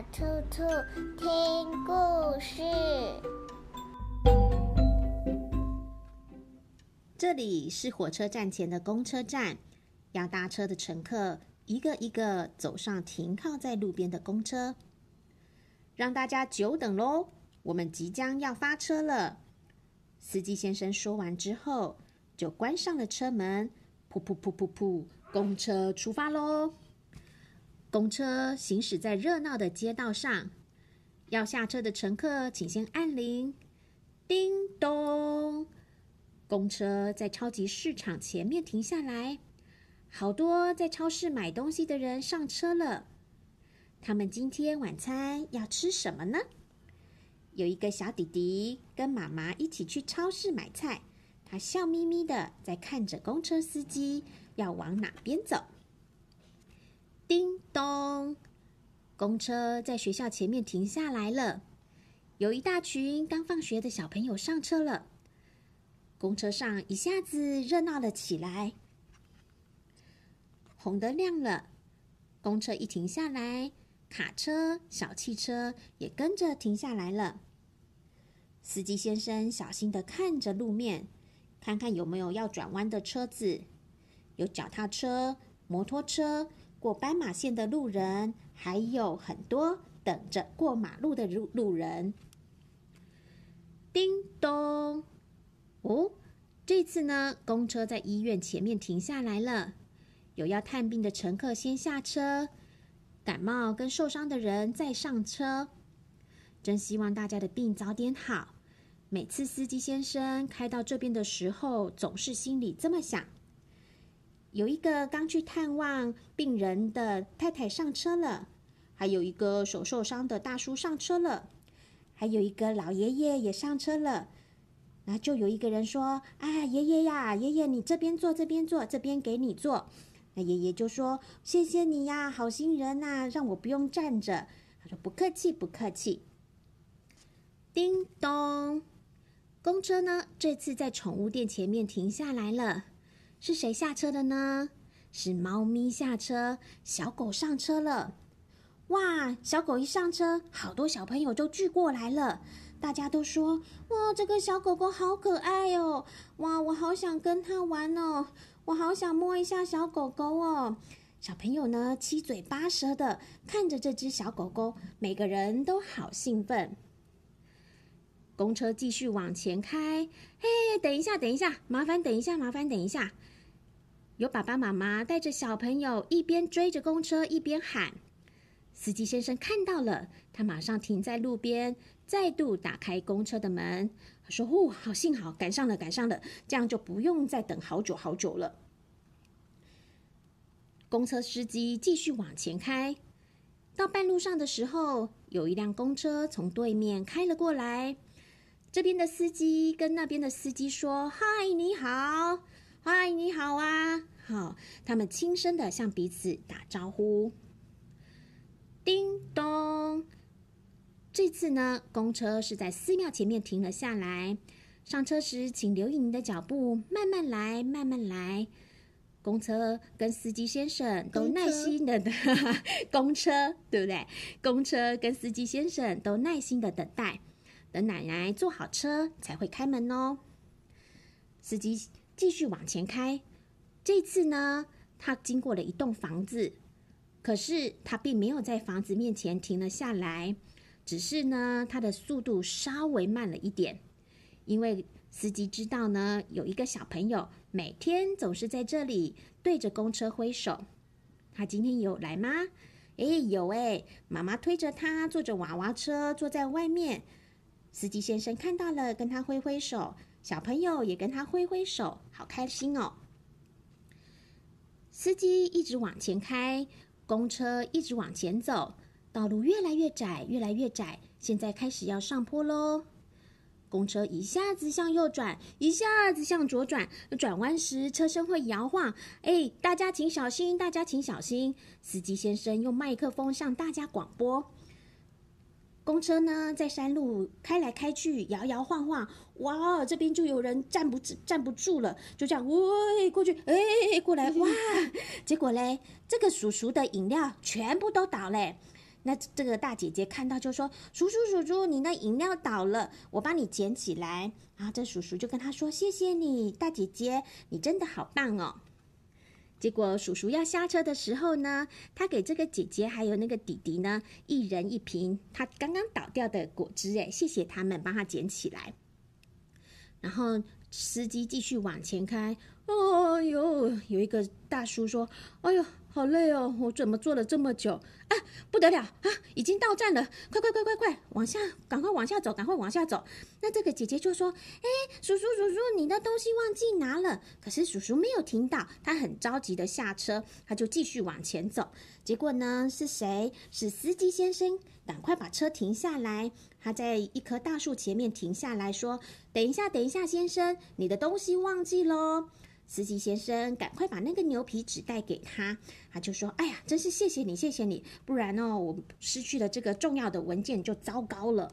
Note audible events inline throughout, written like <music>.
小兔兔聽故事。這裡是火車站前的公車站，要搭車的乘客一個一個走上停靠在路邊的公車，讓大家久等嘍。我們即將要發車了。司機先生說完之後，就關上了車門，噗噗噗噗噗，公車出發嘍。公車行駛在熱鬧的街道上，要下車的乘客請先按鈴。叮咚！公車在超級市場前面停下來，好多在超市買東西的人上車了。他們今天晚餐要吃什麼呢？有一個小弟弟跟媽媽一起去超市買菜，他笑眯眯的在看着公車司機要往哪邊走。叮咚！公車在學校前面停下來了，有一大群剛放學的小朋友上車了。公車上一下子熱鬧了起來。紅燈亮了，公車一停下來，卡車、小汽車也跟着停下來了。司機先生小心地看着路面，看看有沒有要轉彎的車子，有腳踏車、摩托車。過斑馬線的路人還有很多等着過馬路的路路人。叮咚！哦，這次呢，公車在醫院前面停下來了。有要探病的乘客先下車，感冒跟受傷的人再上車。真希望大家的病早點好。每次司機先生開到這邊的時候，總是心裡這麼想。有一個剛去探望病人的太太上車了，還有一個手受傷的大叔上車了，還有一個老爺爺也上車了。那就有一個人說：“哎，爺爺呀，爺爺，你這邊坐，這邊坐，這邊給你坐。”那爺爺就說：“謝謝你呀，好心人吶，讓我不用站着。”他說：“不客氣，不客氣。”叮咚，公車呢？這次在寵物店前面停下來了。是誰下車的呢？是貓咪下車，小狗上車了。哇！小狗一上車，好多小朋友就聚過來了。大家都說：“哇，這個小狗狗好可愛哦！”“哇，我好想跟它玩哦！”“我好想摸一下小狗狗哦！”小朋友呢，七嘴八舌的看着這隻小狗狗，每個人都好興奮。公車繼續往前開。嘿，等一下，等一下，麻煩等一下，麻煩等一下。有爸爸媽媽帶着小朋友，一邊追着公車，一邊喊。司機先生看到了，他馬上停在路邊，再度打開公車的門。他說：“哦，好幸好，趕上了，趕上了，這樣就不用再等好久好久了。”公車司機繼續往前開，到半路上的時候，有一輛公車從對面開了過來。這邊的司機跟那邊的司機說：“嗨，你好。”嗨，Hi, 你好啊！好，oh，他們輕聲地向彼此打招呼。叮咚，這次呢，公車是在寺廟前面停了下來。上車時，請留意您的腳步，慢慢來，慢慢來。公車跟司機先生都耐心地等。哈哈公車， <laughs> 公車，對不對？公車跟司機先生都耐心的等待，等奶奶坐好車才會開門哦。司機。繼續往前開，這次呢，他經過了一棟房子，可是他並沒有在房子面前停了下來，只是呢，他的速度稍微慢了一點，因為司機知道呢，有一個小朋友每天總是在這裡對着公車揮手，他今天有來嗎？誒，有誒，媽媽推着他坐着娃娃車坐在外面，司機先生看到了，跟他揮揮手。小朋友也跟他揮揮手，好開心哦。司機一直往前開，公車一直往前走，道路越來越窄，越來越窄。現在開始要上坡嘍。公車一下子向右轉，一下子向左轉，轉彎時車身會搖晃。誒、哎，大家請小心，大家請小心。司機先生用麥克風向大家廣播。公車呢，在山路開來開去，搖搖晃晃，哇，這邊就有人站不站不住了，就這樣，喂、哎，過去，哎，過來，哇， <laughs> 結果嘞，這個叔叔的飲料全部都倒嘞。那這個大姐姐看到就說：“叔叔，叔叔，叔叔，你的飲料倒了，我幫你撿起來。”然後這叔叔就跟她說：“謝謝你，大姐姐，你真的好棒哦。”結果叔叔要下車的時候呢，他給這個姐姐還有那個弟弟呢，一人一瓶他剛剛倒掉的果汁，哎，謝謝他們幫他撿起來。然後司機繼續往前開，哦喲，有一個大叔說，哎喲好累哦，我怎麼坐了這麼久啊？不得了啊，已經到站了，快快快快快，往下，趕快往下走，趕快往下走。那這個姐姐就說：“誒、欸，叔叔叔叔，你的東西忘記拿了。”可是叔叔沒有聽到，他很着急的下車，他就繼續往前走。結果呢，是誰？是司機先生，趕快把車停下來。他在一棵大樹前面停下來說：“等一下，等一下，先生，你的東西忘記嘍。”司機先生，趕快把那個牛皮紙帶給他。他就說：“哎呀，真是謝謝你，謝謝你！不然哦，我失去了這個重要的文件就糟糕了。”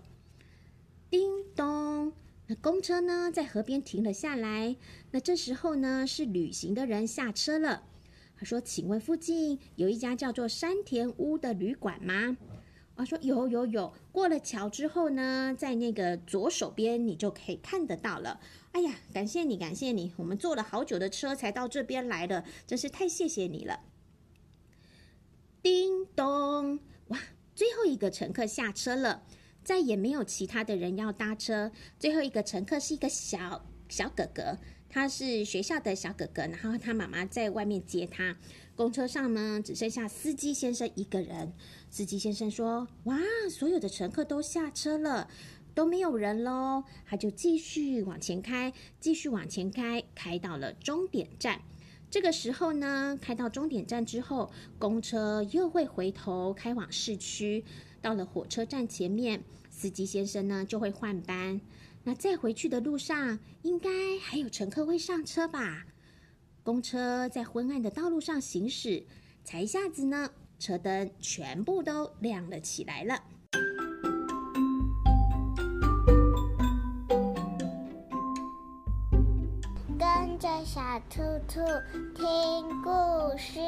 叮咚，那公車呢，在河邊停了下來。那這時候呢，是旅行的人下車了。他說：“請問附近有一家叫做山田屋的旅館嗎？”啊，說：“有有有，過了橋之後呢，在那個左手邊你就可以看得到了。哎呀，感謝你，感謝你，我們坐了好久的車才到這邊來的，真是太謝謝你了。”叮咚，哇，最後一個乘客下車了，再也沒有其他的人要搭車。最後一個乘客是一個小小哥哥。他是學校的小哥哥，然後他媽媽在外面接他。公車上呢，只剩下司機先生一個人。司機先生說：“哇，所有的乘客都下車了，都沒有人嘍。”他就繼續往前開，繼續往前開，開到了終點站。這個時候呢，開到終點站之後，公車又會回頭開往市區。到了火車站前面，司機先生呢就會換班。那在回去的路上，應該還有乘客會上車吧？公車在昏暗的道路上行駛，才一下子呢，車燈全部都亮了起來了。跟着小兔兔聽故事。